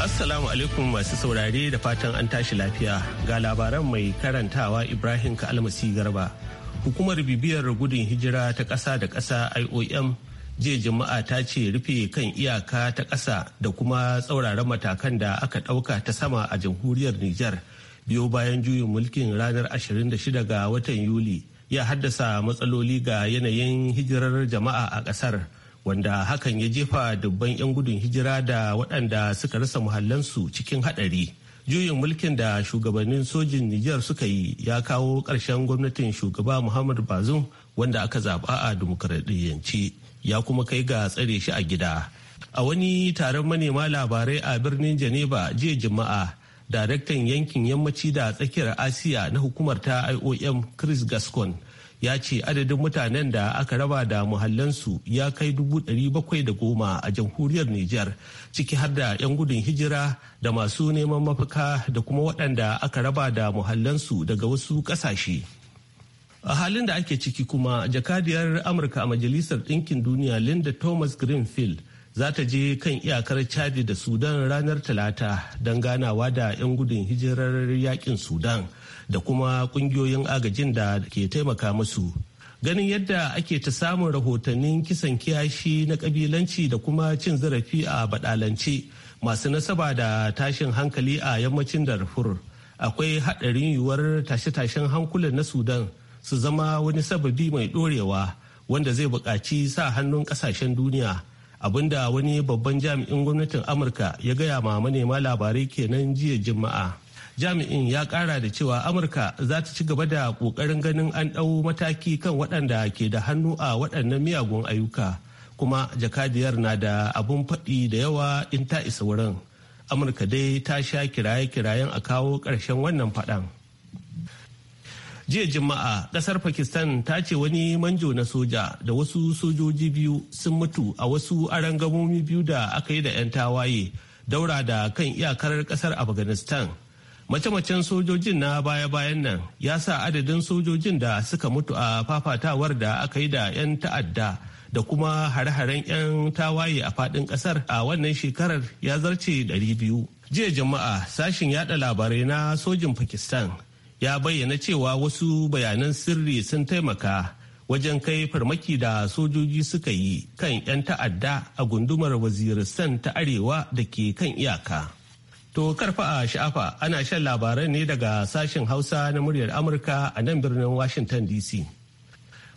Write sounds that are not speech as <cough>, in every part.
Assalamu alaikum masu saurare da fatan an tashi lafiya ga labaran mai karantawa Ibrahim Kalmasi Garba. Hukumar bibiyar gudun hijira ta ƙasa da ƙasa IOM jiya jama'a ta ce rufe kan iyaka ta ƙasa da kuma tsauraran matakan da aka ɗauka ta sama a jamhuriyar Nijar biyo bayan juyin mulkin ranar 26 ga watan Yuli ya haddasa matsaloli ga yanayin hijirar jama'a a ƙasar. wanda hakan ya jefa dubban 'yan gudun hijira da waɗanda suka rasa muhallansu cikin haɗari. Juyin mulkin da shugabannin sojin Nijar suka yi ya kawo ƙarshen gwamnatin shugaba Muhammad Bazum wanda aka zaɓa a dimokuraɗiyyanci ya kuma kai ga tsare shi a gida. A wani taron manema labarai a birnin Geneva jiya Juma'a, daraktan yankin yammaci da tsakiyar Asiya na hukumar ta IOM Chris Gascon ya ce adadin mutanen da aka raba da muhallansu ya kai dubu bakwai da goma a jamhuriyar Nijar ciki har da 'yan gudun hijira da masu neman mafaka da kuma waɗanda aka raba da muhallansu daga wasu ƙasashe. A halin da ake ciki kuma jakadiyar Amurka a Majalisar Ɗinkin Duniya Linda Thomas Greenfield za ta je kan iyakar chadi da sudan ranar talata don ganawa da 'yan gudun hijirar yakin sudan da kuma kungiyoyin agajin da ke taimaka masu ganin yadda ake ta samun rahotannin kisan kiyashi na kabilanci da kuma cin zarafi a badalance masu nasaba da tashin hankali a yammacin darfur akwai haɗarin yiwuwar tashe-tashen hankulan na sudan su zama wani sababi mai ɗorewa wanda zai buƙaci sa hannun ƙasashen duniya abinda wani babban jami'in gwamnatin amurka ya gaya ma manema labarai kenan jiya juma'a jami'in ya kara da cewa amurka za ta ci gaba da kokarin ganin an ɗau mataki kan waɗanda ke da hannu a waɗannan miyagun ayyuka kuma jakadiyar na da abun faɗi da yawa in ta isa wurin amurka dai ta sha kiraye-kirayen a kawo ƙarshen wannan faɗan. jiya juma'a kasar pakistan ta ce wani manjo na soja da wasu sojoji biyu sun mutu a wasu arangamomi biyu da aka yi da 'yan tawaye daura da kan iyakar kasar afghanistan mace-macen sojojin na baya-bayan nan ya sa adadin sojojin da suka mutu a fafatawar da aka yi da 'yan ta'adda da kuma hare-haren 'yan tawaye a faɗin ƙasar a wannan shekarar ya zarce 200 jiya juma'a sashin yada labarai na sojin pakistan ya bayyana cewa wasu bayanan sirri sun taimaka wajen kai farmaki da sojoji suka yi kan 'yan ta'adda a gundumar waziristan ta arewa da ke kan iyaka. To karfa a sha'afa ana shan labaran ne daga sashen Hausa na muryar Amurka a nan birnin Washington DC.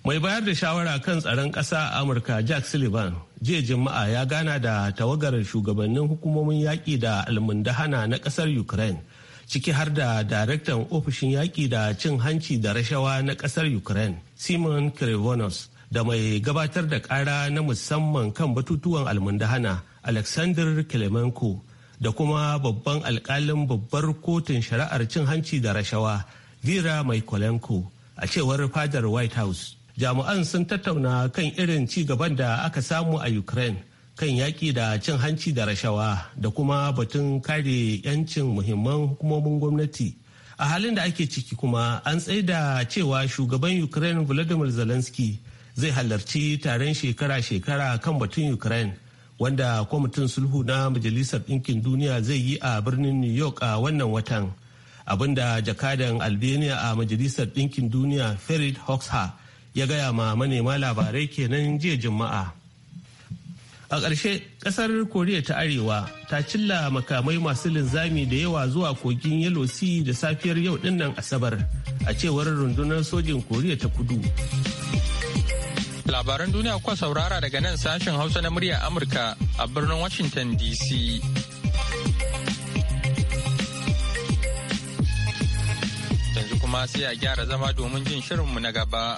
Mai bayar da shawara kan tsaron ƙasa a Amurka Jack Sullivan jiya Juma'a ya gana da tawagar shugabannin hukumomin yaƙi da almundahana na ƙasar Ukraine ciki har da daraktan ofishin yaƙi da cin hanci da rashawa na ƙasar ukraine simon krivonos da mai gabatar da ƙara na musamman kan batutuwan almundahana alexander klemenko da kuma babban alƙalin babbar kotun shari'ar cin hanci da rashawa vera maikolenko a cewar fadar white house jami'an sun tattauna kan irin ci gaban da aka samu a ukraine kan yaƙi da cin hanci da rashawa da kuma batun kare 'yancin muhimman hukumomin gwamnati a halin da ake ciki kuma an tsaida cewa shugaban ukraine vladimir zelensky zai halarci taron shekara-shekara kan batun ukraine wanda kwamitin sulhu na majalisar ɗinkin duniya zai yi a birnin new york a wannan watan abinda jakadan albania a majalisar ɗinkin duniya ferid hoxha ya gaya ma manema labarai kenan jiya juma'a. a ƙarshe ƙasar koriya ta arewa ta cilla makamai masu linzami da yawa zuwa kogin yellow sea da safiyar yau dinnan asabar a cewar rundunar sojin koriya ta kudu labaran duniya kuwa saurara daga nan sashen hausa na murya amurka a birnin washington dc yanzu kuma sai a gyara zama domin jin shirinmu na gaba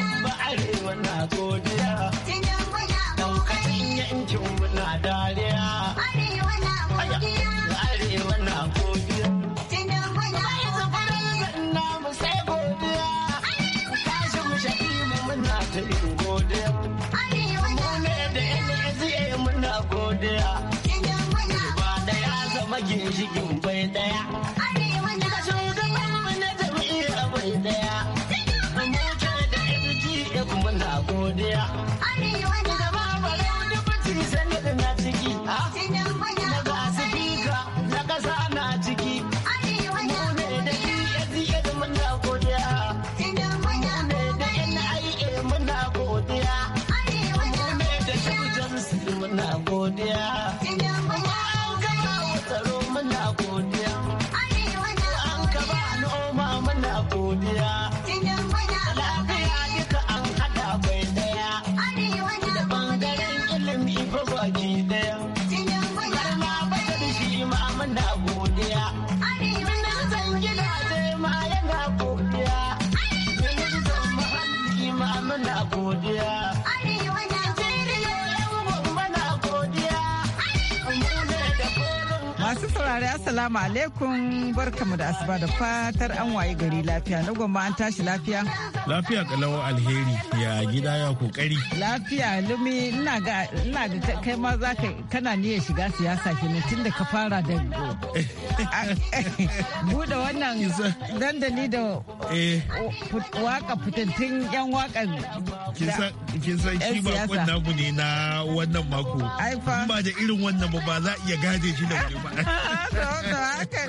You bai there. saurari assalamu alaikum barkamu da asuba da fatar an waye gari lafiya na gwamma an tashi lafiya Lafiya kalau alheri ya gida ya kokari. Lafiya lumi ina ga ina ga kai ma za ka kana niyyar shiga siyasa kenan tun da ka fara da <laughs> buɗe wannan dandali da eh. waka fitattun yan waka kin san shi bakon ku ne na wannan mako. Ba da irin wannan ba ba za iya gaje shi da wani ba. <laughs>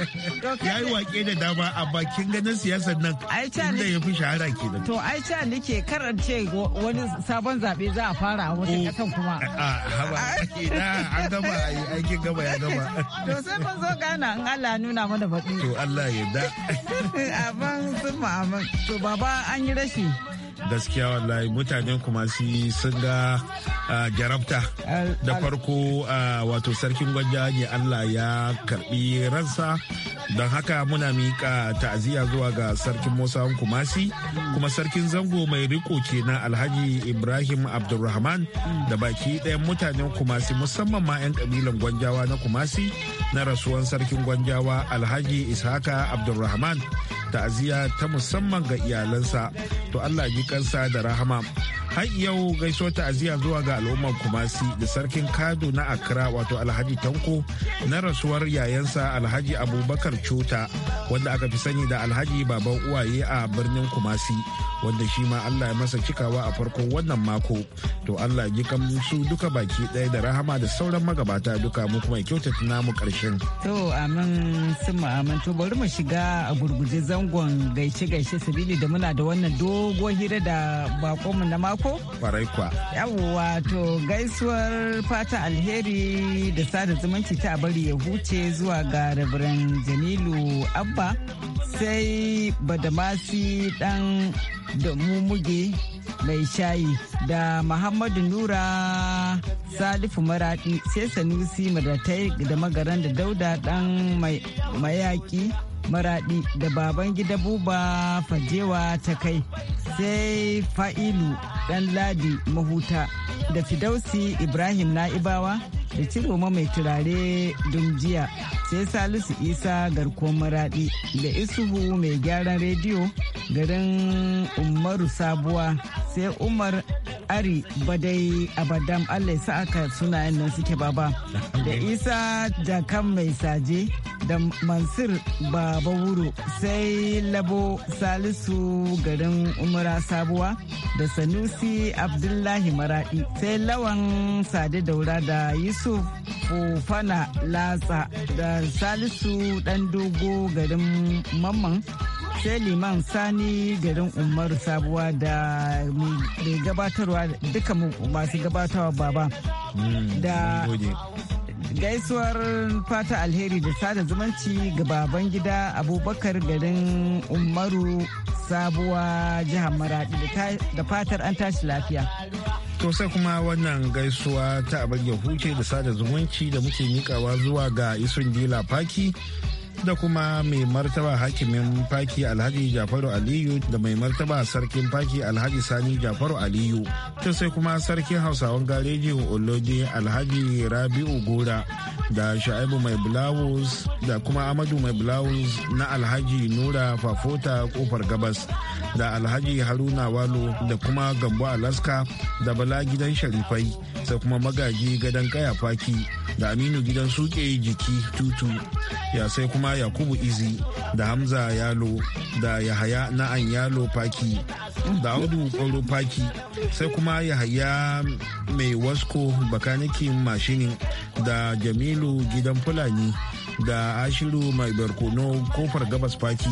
Ya yi wake da dama amma kin ganin siyasar nan. inda ya fi shahara kenan. to ai sha nake karance wani sabon zabe za a fara a wata kasan oh. kuma <laughs> ah, a an gama aikin gama ya gama <laughs> to sai ban zo gana in Allah nuna mana baki. to Allah ya da aban sun ma'amin to baba an yi rashi gaskiya wallahi mutanen kuma sun ga ah, jarabta da farko ah, wato sarkin gwanja ne allah ya karbi ransa don haka muna miƙa ta'aziyya zuwa ga sarkin musa kumasi kuma sarkin zango mai riko ke na alhaji ibrahim abdulrahman da baki ɗayan mutanen kumasi musamman ma 'yan kabilan gwanjawa na kumasi na rasuwan sarkin gwanjawa alhaji ishaka abdulrahman ta'aziyya ta musamman ga iyalansa to Allah ji kansa da rahama har yau gaisuwar ta'aziyya zuwa ga al'ummar kumasi da sarkin kado na akra wato alhaji tanko na rasuwar yayansa alhaji abubakar cuta wanda aka fi sani da alhaji baban uwaye a birnin kumasi wanda shi ma allah ya masa cikawa a farkon wannan mako to allah ji su duka baki ɗaya da rahama da sauran magabata duka mu kuma kyauta tuna namu ƙarshen. to amin sun ma'amin bari mu shiga a gurguje zangon gaishe gaishe sabili da muna da wannan doguwar hira da bakonmu na mako ko? Kwarai kwa. Yawwa to gaisuwar fata alheri da sada zumunci ta bari ya huce zuwa ga rabirin Jamilu Abba sai Badamasi dan da muge mai shayi da Muhammadu Nura Salifu Maradi sai Sanusi Madatai da magaran da Dauda dan mayaki maraɗi da baban gida buba fajewa ta kai sai fa'ilu ɗan ladi mahuta da fidausi ibrahim na'ibawa da ciroma mai turare dumjiya sai salisu isa garkuwar maraɗi da isuhu mai gyaran rediyo garin umaru sabuwa sai umar ari badai abadam allah sa aka sunayen nan suke baba da isa jakan mai saje da mansur baba wuro sai labo salisu garin umara sabuwa da sanusi abdullahi maradi sai lawan sade daura da yusuf fana latsa da salisu dan dogo garin mamman sai liman sani garin umaru sabuwa da mai gabatarwa duka masu gabatarwa baba mm, da gaisuwar fata alheri da sada zumunci ga baban gida abubakar garin umaru sabuwa jihar maradi da fatar an tashi lafiya To kuma wannan gaisuwa ta abin huce da sada zumunci da muke miƙawa zuwa ga isun dila faki da kuma mai martaba hakimin faki alhaji jafaru aliyu da mai martaba sarkin faki alhaji sani jafaru aliyu ta sai kuma sarkin hausawan gareji oloji alhaji rabi'u gora da sha'ibu mai bulawus da kuma amadu mai bulawus na alhaji nura fafota kofar gabas da alhaji haruna walo da kuma gambo alaska da bala gidan sharifai sai kuma magaji gadon kaya faki da aminu gidan suke jiki tutu ya sai kuma kuma yakubu izi da hamza yalo da yahaya na'an yalo faki da audu kwallo faki sai kuma yahaya mai wasko bakanikin mashinin da jamilu gidan fulani da ashiru mai barkono kofar gabas faki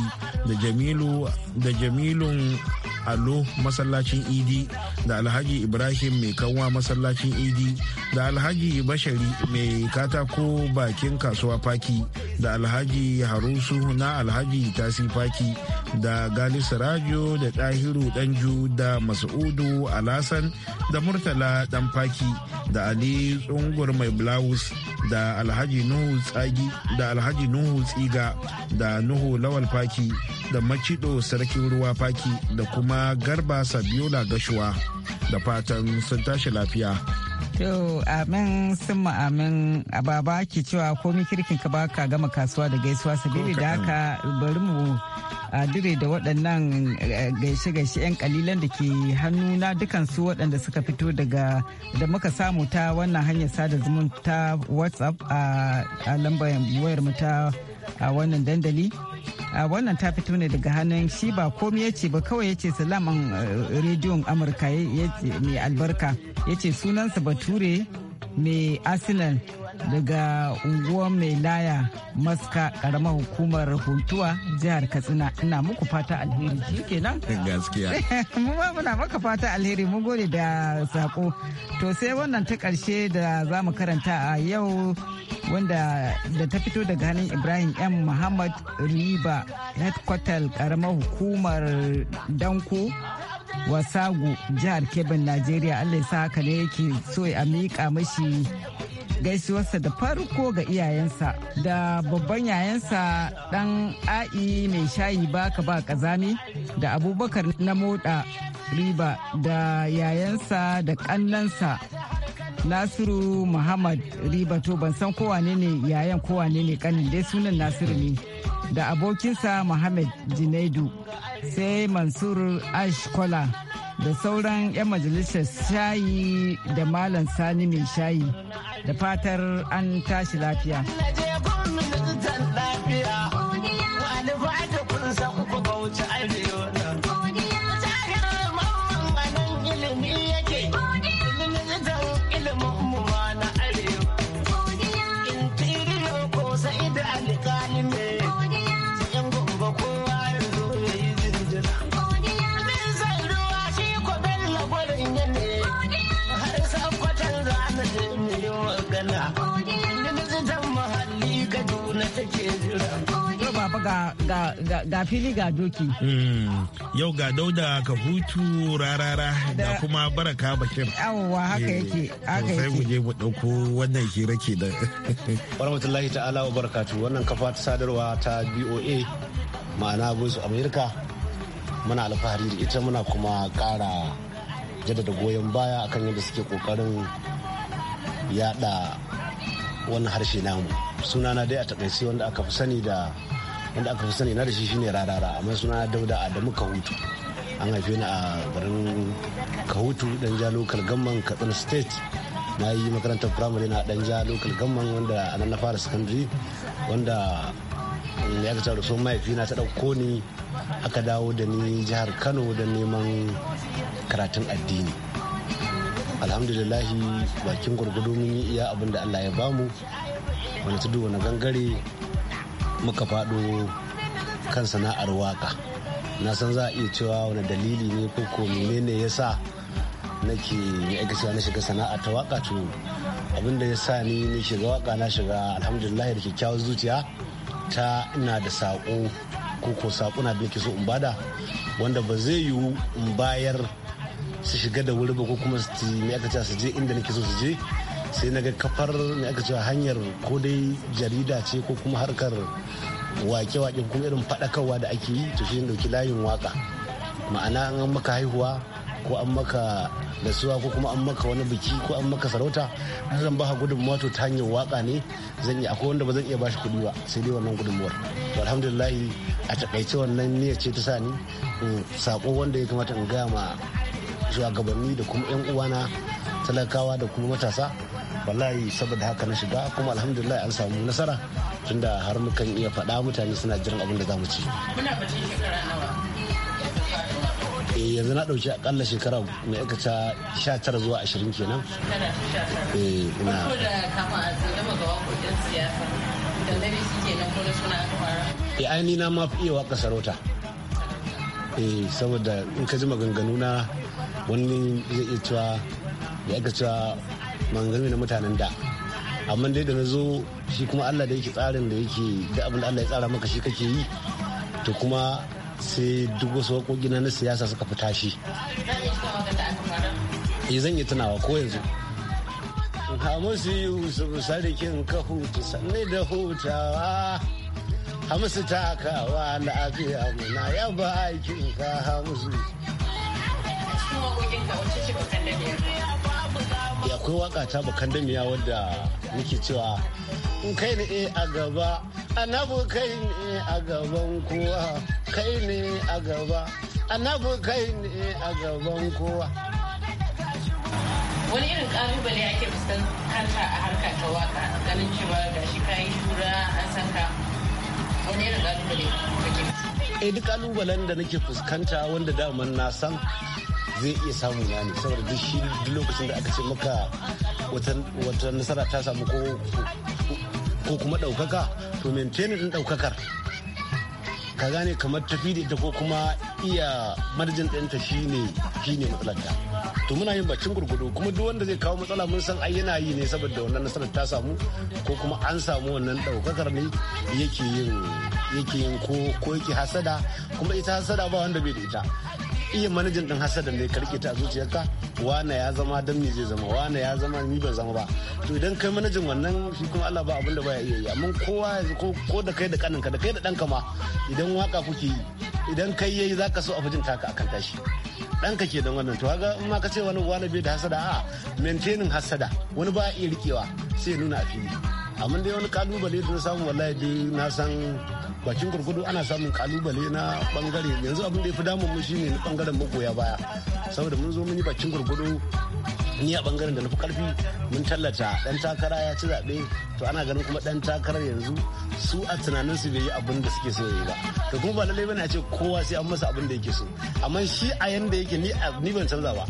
da jamilu da jamilun allo masallacin idi da alhaji ibrahim mai kanwa masallacin idi da alhaji bashari mai katako bakin kasuwa faki da alhaji harusu na alhaji tasi faki da gali radio da Ɗahiru Danju da Masudu Alasan da Murtala Danfaki da Ali Tsungur Mai Blouse da Alhaji Nuhu Tsagi da Alhaji Nuhu Tsiga da Nuhu Lawal Faki da Macido Sarkin Ruwa Faki da kuma Garba Sabiola Gashuwa da fatan sun tashi lafiya. To amin sun amin a baba ke cewa komi kirkin ka baka gama kasuwa da gaisuwa sabili da haka bari mu dire da waɗannan eh, gaishe-gaishe 'yan kalilan da ke na dukansu waɗanda suka fito daga da muka samu ta wannan hanyar sada zumunta whatsapp a lambar wayar mu ta a wannan dandali wannan ta fito ne daga hannun shi ba komai eh, ya ce ba kawai ya ce salaman rediyon amurka mai albarka ya ce sunansa bature mai arsenal daga unguwar mai laya maska karamar hukumar huntuwa jihar katsina ina muku fata alheri shi kenan gaskiya <laughs> muna maka fata alheri mun gode da sako to sai wannan ta karshe da za mu karanta a yau wanda da ta fito daga hannun ibrahim m muhammad riba headquarter karamar hukumar danko Wasagu jihar kebin najeriya allah ya sa haka ne yake so a mika mashi gaisuwarsa da farko ga iyayensa da babban yayansa dan a'i mai shayi baka ba kazami da abubakar na moda riba da yayansa da kannansa nasiru muhammad riba to ban san kowane ne yayan kowane ne kanin dai sunan nasiru ne da abokinsa muhammad jinaidu sai mansur ashkola da sauran 'yan majalisar shayi da malam sani mai shayi da fatar an tashi lafiya. baba ga fili ga doki. Hmm. Yau ga dauda ka hutu rarara da kuma baraka bakin. Yawwa haka eh, yake. haka Sai mu je mu ɗauko wannan hira ke da. <laughs> Warahmatullahi ta'ala wa barakatu wannan kafa ta sadarwa ta BOA ma'ana Voice of America muna alfahari da ita muna kuma ƙara jaddada goyon baya akan yadda suke kokarin yada wannan harshe namu sunana dai a takaice wanda aka fi sani da wanda aka fi sani na da shi shine rarara amma suna dauda adamu kahutu an haife ni a garin kahutu dan ja local gamman katsina state na yi makarantar firamare na dan ja local gamman wanda anan na fara secondary wanda ya ka da sun na ta dauko ni aka dawo da ni jihar kano da neman karatun addini alhamdulillahi bakin gwargwado mun yi iya abin da allah ya bamu wani tudu wani gangare muka faɗo kan sana'ar waka na san za a iya cewa wani dalili ne ko ko menene ya sa nake ya aikacewa na shiga sana'a ta waka to abinda ya sa ni ne shiga waka na shiga alhamdulillah da kyakkyawar zuciya ta ina da saƙo ko ko saƙuna da nake so in bada wanda ba zai yiwu in bayar su shiga da wuri ba ko kuma su me aka su je inda nake so su je sai na ga kafar ne aka cewa hanyar ko dai jarida ce ko kuma harkar wake-wake kuma irin faɗakarwa da ake yi to shi dauki layin waka ma'ana an maka haihuwa ko an maka da suwa ko kuma an maka wani biki ko an maka sarauta zan ba gudunmawa to ta hanyar waka ne zan yi akwai wanda ba zan iya bashi kuɗi ba sai dai wannan gudunmuwar to alhamdulillah a takaice wannan niyyar ce ta sani sako wanda ya kamata in gaya ma shugabanni da kuma yan uwana talakawa da kuma matasa wallahi saboda haka na shiga kuma alhamdulillah an samu nasara tunda har mukan iya faɗa mutane suna jiran abin da za mu ci eh, yanzu na ɗauki akalla shekara mai aikata sha tara zuwa ashirin kenan. Eh, ina. E eh, aini na ma fi iya waka sarauta. e saboda in ka ji maganganu na wani zai iya cewa ya aika cewa manzanni na mutanen da amma dai da na zo shi kuma allah da yake tsarin da yake da abin da allah ya tsara maka shi kake yi to kuma sai duk wasu wakoki na na siyasa suka fita shi eh, zan yi tunawa ko yanzu Hamisu Yusuf sarkin kahutu sanne da hutawa. Hamisu takawa lafiya muna ya ba aikin ka A cikin wakokin ka wacce ce ba kan da ya eh, kuwa waka ta bakan damiya wadda muke cewa in kai ne a gaba annabu kai ne a gaban kowa kai ne a gaba kai ne a gaban kowa wani irin kalubale ake fuskanta a harka ta waka ganin cewa ga shi kayi shura an wani irin kalubale kake eh duk kalubalen da nake fuskanta wanda daman na san zai iya samu na ne saboda duk shi lokacin da aka ce maka wata nasara ta samu ko kuma ɗaukaka to maintain din ɗaukakar ka gane kamar tafi da ita ko kuma iya marjin ɗinta shine shine ne matsalarta to muna yin bacin gurgudu kuma duk wanda zai kawo matsala mun san ai yana yi ne saboda wannan nasarar ta samu ko kuma an samu wannan ɗaukakar ne yake yin yake yin ko ko yake hasada kuma ita hasada ba wanda bai da ita iya manajan din da mai karke ta zuciyarka wane ya zama dan me zai zama wane ya zama ni ban zama ba to idan kai manajan wannan shi kuma Allah ba abin da baya iya yi amma kowa ko da kai da kaninka da kai da ka ma idan waka kuke yi idan kai yayi zaka so a fujin taka akan tashi ɗanka ke don wannan to ga in ma ka ce wani wani bai da hasada a maintaining hasada wani ba iya rikewa sai nuna a fili amma dai wani kalubale da na samu wallahi dai na san bakin gurgudu ana samun kalubale na bangare yanzu abin da ya fi damun mu shine bangaren magoya baya saboda mun zo mun yi bakin gurgudu ni a bangaren da na fi karfi mun tallata dan takara ya ci zaɓe to ana ganin kuma dan takarar yanzu su a tunanin su bai yi abin da suke so yi ba to kuma ba lallai bane a ce kowa sai an masa abin da yake so amma shi a yanda yake ni ni ban canza ba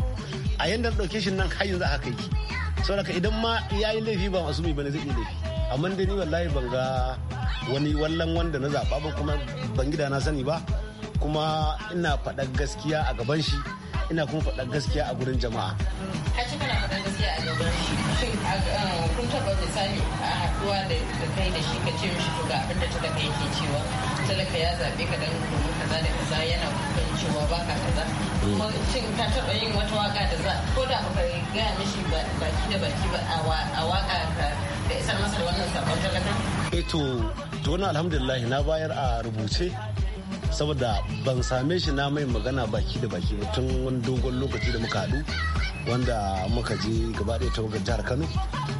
a yanda na shi nan har yanzu haka yake saboda idan ma yayi laifi ba masu mai bane zai yi laifi amma dai ni wallahi ban ga wani wallan wanda na zaɓa ba kuma ban gida na sani ba kuma ina faɗa gaskiya a gaban shi ina kuma faɗa gaskiya a gurin jama'a. A ci kana faɗa gaskiya a gaban shi shin kun taɓa misali a haɗuwa da kai da shi ka ce mishi to ga abin da talaka yake cewa talaka ya zaɓe ka dan kaza da kaza yana cewa ba ka kaza mm. kuma shin ka taba yin wata waka da za ko da baka gaya mishi baki da baki ba a waka ka da isar masa wannan sabon talaka eh to na alhamdulillah na bayar a rubuce saboda ban same shi na mai magana baki da baki ba tun wani dogon lokaci da muka haɗu wanda muka je gaba ɗaya ta jihar kano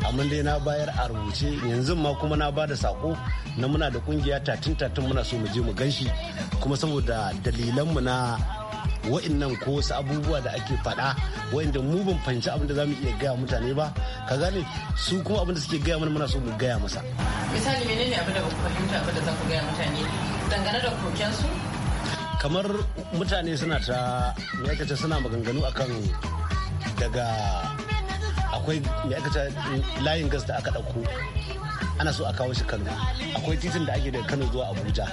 amma dai na bayar a rubuce yanzu ma kuma na ba da sako na muna da kungiya tatin tatin muna so mu je mu ganshi kuma saboda dalilanmu na wa'annan ko wasu abubuwa da ake faɗa wa'anda mu ban fahimci abin da za mu iya gaya mutane ba ka gane su kuma abin da suke gaya mana muna so mu gaya masa misali menene abin da ba ku fahimta abin da za ku gaya mutane dangane da kokensu kamar mutane suna ta me suna maganganu akan daga akwai mai aka layin gas da aka ɗauko ana so a kawo shi kano akwai titin da ake da kano zuwa abuja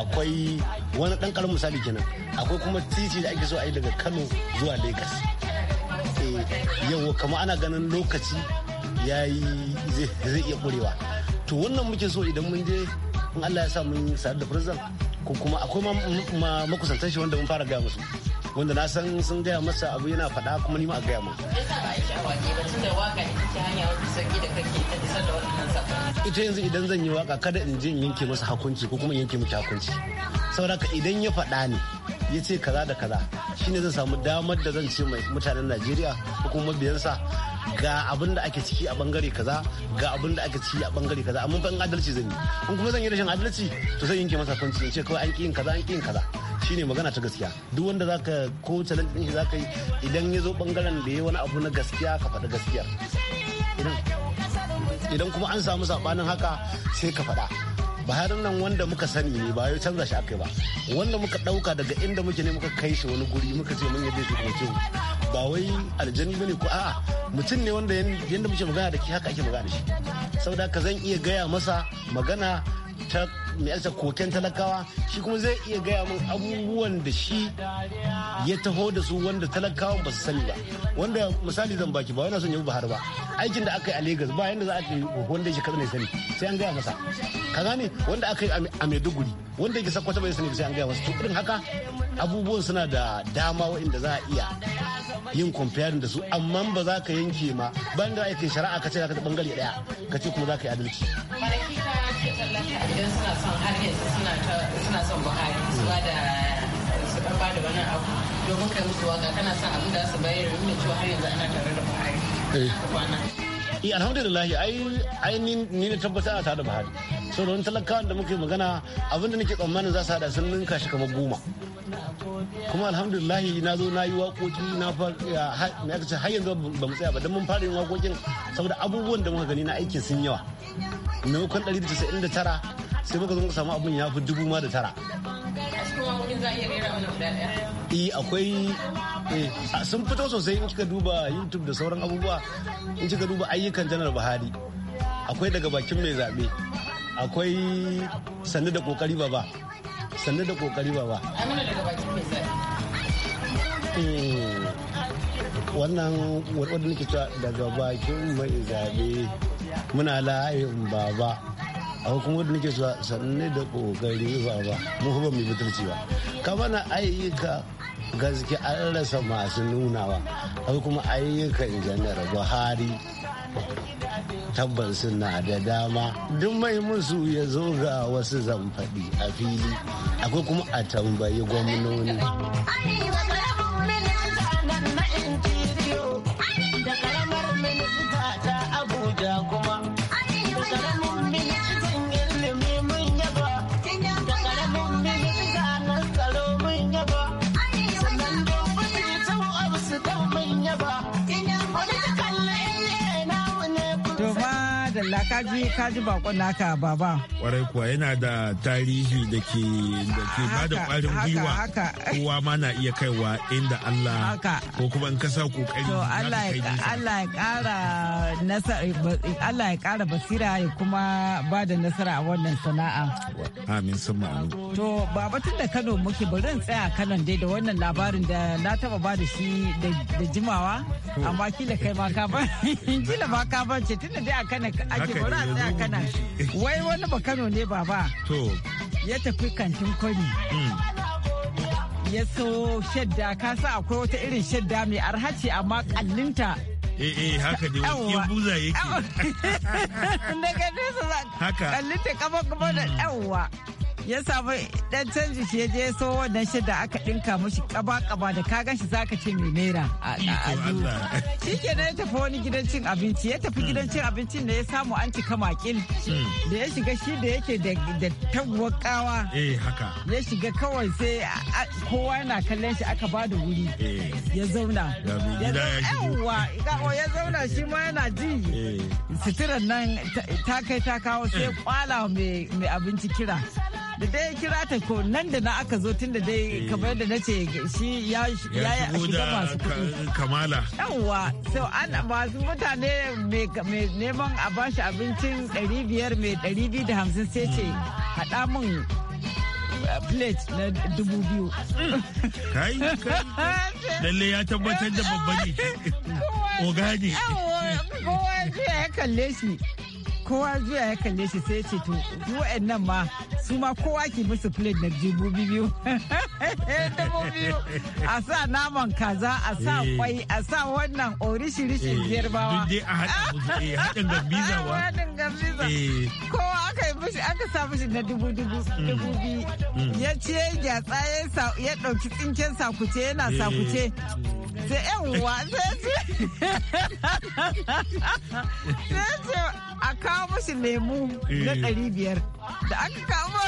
akwai wani ɗan ƙaramin misali kenan akwai kuma titi da ake so a yi daga kano zuwa lagos eh, yau kama ana ganin lokaci ya yi zai iya ƙurewa to wannan muke so idan mun je in allah ya sa mun sadu da firzan ko kuma akwai ma makusantar shi wanda mun fara gaya musu wanda na san sun gaya masa abu yana faɗa kuma ni ma a gaya ma. Ita yanzu idan zan yi waka kada in je in yanke masa hakunci ko kuma in yanke miki hakunci. Saboda idan ya faɗa ne ya ce kaza da kaza shine zan samu damar da zan ce mai mutanen Najeriya ko kuma mabiyansa ga abin da ake ciki a bangare kaza ga abin da ake ciki a bangare kaza amma ban adalci zan yi in kuma zan yi rashin adalci to zan yanke masa kunci in ce kawai an ƙi yin kaza an ƙi yin kaza shine magana ta gaskiya duk wanda zaka ko challenge din shi zaka yi idan ya zo bangaren da ya wani abu na gaskiya ka faɗi gaskiya idan kuma an samu sabanin haka sai ka faɗa ba har nan wanda muka sani ne ba ya canza shi akai ba wanda muka dauka daga inda muke ne muka kai shi wani guri muka ce mun yabe shi kuma ce ba wai aljani bane ko a'a mutum ne wanda yanda muke magana da ke haka ake magana da shi saboda ka zan iya gaya masa magana ta mai alsa koken talakawa shi kuma zai iya gaya min abubuwan da shi ya taho da su wanda talakawa ba su sani ba wanda misali zan baki ba yana son yabu bahar ba aikin da aka yi a Legas ba yanda za a yi wanda shi ne sani sai an gaya masa ka gane wanda aka yi a Maiduguri wanda yake sakwata bai sani sai an gaya masa to irin haka abubuwan suna da dama waɗanda za a iya yin comparing da su amma ba za ka yanke ma ban da aikin shari'a ka ce za ka bangare daya ka ce kuma za ka yi adalci idan suna son har yanzu suna son buhari su ba da su ba da wani abu domin kai musu waka kana son abin da su bayar da cewa har yanzu ana tare da buhari eh. eh alhamdulillah ai ai ni ne tabbata a tare da Buhari so don talakawan da muke magana abinda nake tsammanin za su hada sun ninka shi kamar goma kuma alhamdulillah na zo na yi waƙoƙi na ce har yanzu ba mu tsaya ba don mun fara yin waƙoƙin saboda abubuwan da muka gani na aikin sun yawa maimakon 199 sai muka zo muka samu abin ya fi dubu ma da tara in za a iya rera guda ɗaya. Eh akwai e, sun fito sosai in kika duba YouTube da sauran abubuwa in kika duba ayyukan janar Buhari akwai daga bakin mai zaɓe akwai sannu da kokari ba ba da kokari ba ba. Wannan wadda nake cewa daga bakin mai zaɓe muna la'ayin baba. abu kuma da nake zuwa sanne da kokari ba ba mu ba mai mutunci ba kama na ayyuka gaske an rasa masu nunawa abu kuma ayyukan janar buhari tabbas suna da dama duk mai musu ya zo ga wasu zamfaɗi a fili akwai kuma a tambayi gwamnoni. ji ka ji bakon naka baba kwarai kuwa yana da tarihi da ke da ke bada kwarin gwiwa kowa ma na iya kaiwa inda Allah ko kuma in kasa kokari to Allah Allah ya kara nasara Allah ya kara basira ya kuma bada nasara a wannan sana'a amin sama amin to baba tun da Kano muke bari in tsaya Kano dai da wannan labarin da na taba bada shi da jimawa amma kila kai ma ka ba <laughs> kila ma ka ba ce da dai a Kano ake bari a tsaya kana wai wani bakano ne baba ya tafi kantin kwari hmm. ya so shadda ka sa akwai wata irin shadda mai arhaci amma kallinta eh eh haka ne wani buza yake <laughs> haka kallinta kama kama da hmm. yawwa ya samu dan canji shi je so wannan shida aka dinka mushi kaba-kaba da ka ganshi zaka ce mai naira a <laughs> shi ke ya tafi wani gidan cin abinci ya tafi gidan cin abincin da ya samu an cika makil hmm. da ya shiga shi da yake da taguwar kawa eh, ya shiga kawai sai kowa yana kallon shi aka bada wuri eh. ya zauna ya zauna shi ma yana ji eh. suturar nan ta kai ta kawo sai kwala mai abinci kira da dai kira ta ko nan da na aka zo tun da dai eh. kamar yadda na ce shi ya yi a shiga masu kuɗi. kamala. Yawwa, sau an masu mutane mai neman a bashi abincin 500 mai 250 sai ce hmm. haɗa mun eh, plate na dubu biyu. Kai, <laughs> lalle ya tabbatar da babban ne. <laughs> Oga Kowa ya kalle shi. kowa zuwa ya kalle shi sai ce to nan ma su ma kowa ke musu plate na dubu biyu <laughs> a sa naman kaza a sa eh. kwai a sa wannan orishi rishi biyar eh, bawa duk dai a <laughs> eh, haɗin gambiza wa haɗin gambiza kowa aka yi mishi aka sa mishi na dubu dubu mm. dubu biyu mm. ya ce ya gyatsa ya ɗauki tsinken sakuce yana sakuce mm. ta yawwa sai ce a kawo musu lemu na eh. ɗari biyar da aka kawo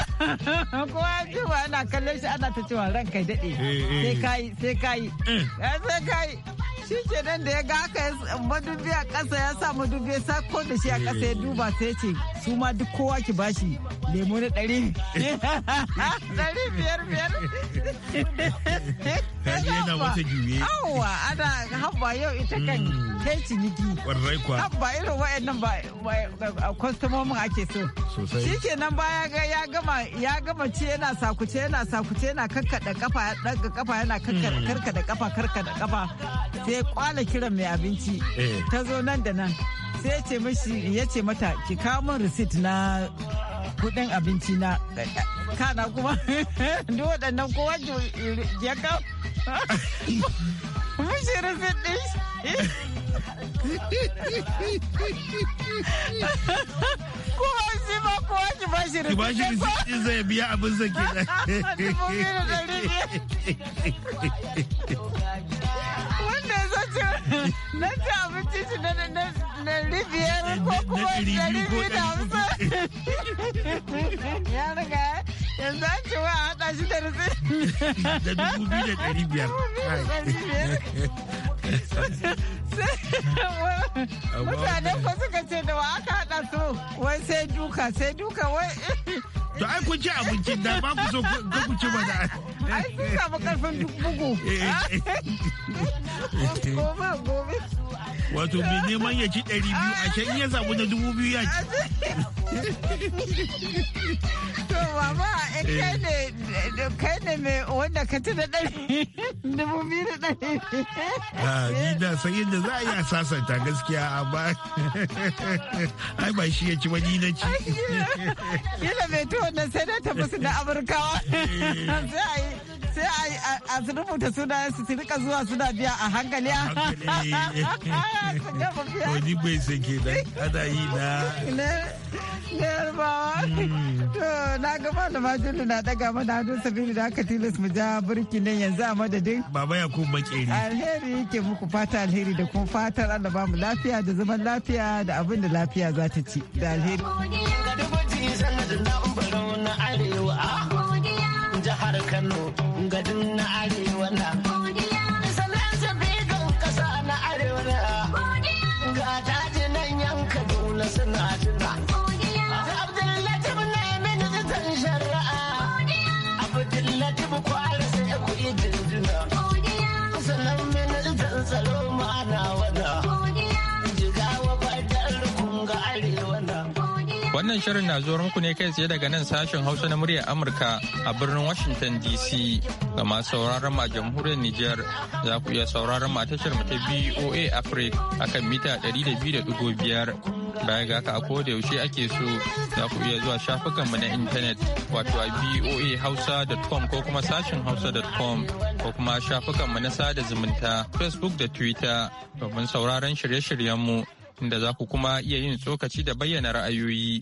kowa ya ce wa ana kallon shi ana ta cewa ran kai daɗe eh, eh. sai kayi sai kayi mm. sai shi ke nan da ya ga aka madubi a ƙasa ya sa madubi ya sa ko da shi a ƙasa ya eh. duba sai ce su ma duk kowa ki bashi lemo na ɗari <laughs> ɗari biyar biyar <laughs> yana wata juye awa ana haba yau ita kan kai hmm. ciniki ƙwarai kwa haba irin wa'annan ba kwastomomin ake so sosai shi ke nan baya ya gama ya gama ce yana sakuce yana sakuce yana karkada kafa ya ɗaga kafa yana hmm. karkada kafa karkada kafa sai kwala kiran mai abinci eh. ta zo nan da nan sai ce mishi ya ce mata ki kawo min receipt na kudin abinci na kana kuma <laughs> duk waɗannan kowa ya kawo <laughs> mishi receipt din kowa sai ba kowa ki ba shi receipt ba shi receipt din zai biya abin sa kenan <laughs> na ci abinci shi na ɗari biyar ko kuma ɗari biyu da hamsin <laughs> ya riga yanzu an ce wa a haɗa shi da rutsi da dubu biyu da ɗari biyar <laughs> mutanen fa suka ce da wa aka haɗa su wai sai duka sai duka wai to ai kun ci abincin da ba ku so ku ci ba da ai sun samu karfin duk bugu <laughs> <laughs> gobe wato mai neman ya ci ɗari biyu a can ya samu na dubu biyu ya ci. To mama, eh, eh. Eh, kai ne kai ne mai wanda ka ci da ɗari <laughs> dubu biyu da ɗari. Ah ni na san yadda za a yi a sasanta gaskiya amma <laughs> ai ba shi ya ci wani, na ci. Kila mai tuwon na sai na tafi su na Amurkawa. <laughs> a yi. sai a a rubuta suna su su rika zuwa suna biya a hankali a hankali <laughs> wani bai sai ke da ana yi na na hmm. to na ga malama na daga mana hannun sabili da aka tilas mu ja burki nan yanzu a madadin baba ya kuma makeri alheri yake muku fata alheri da kuma fatar Allah ba mu lafiya da zaman lafiya da abin da lafiya za ta ci da alheri da arewa Kano gadin na arewa na Wannan shirin na zuwa muku ne kai tsaye daga nan sashen Hausa na muryar Amurka a birnin Washington DC. Ga masu sauraron mu a jamhuriyar Nijar za ku iya sauraron mu a tashar mu ta BOA Africa akan mita 200.5. Baya ga ka a koda yaushe ake so za ku iya zuwa shafukan mu na intanet wato a BOA hausa.com ko kuma sashen hausa.com ko kuma shafukan mu na sada zumunta Facebook da Twitter domin sauraron shirye-shiryen mu inda za ku kuma iya yin tsokaci da bayyana ra'ayoyi.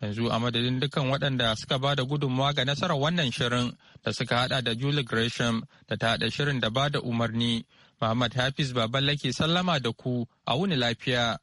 yanzu a madadin dukkan waɗanda suka ba da gudunmawa ga nasarar wannan shirin da suka hada da Julie Gresham da ta hada shirin da ba da umarni. Muhammad Hafiz Baballa ke sallama da ku a wuni lafiya.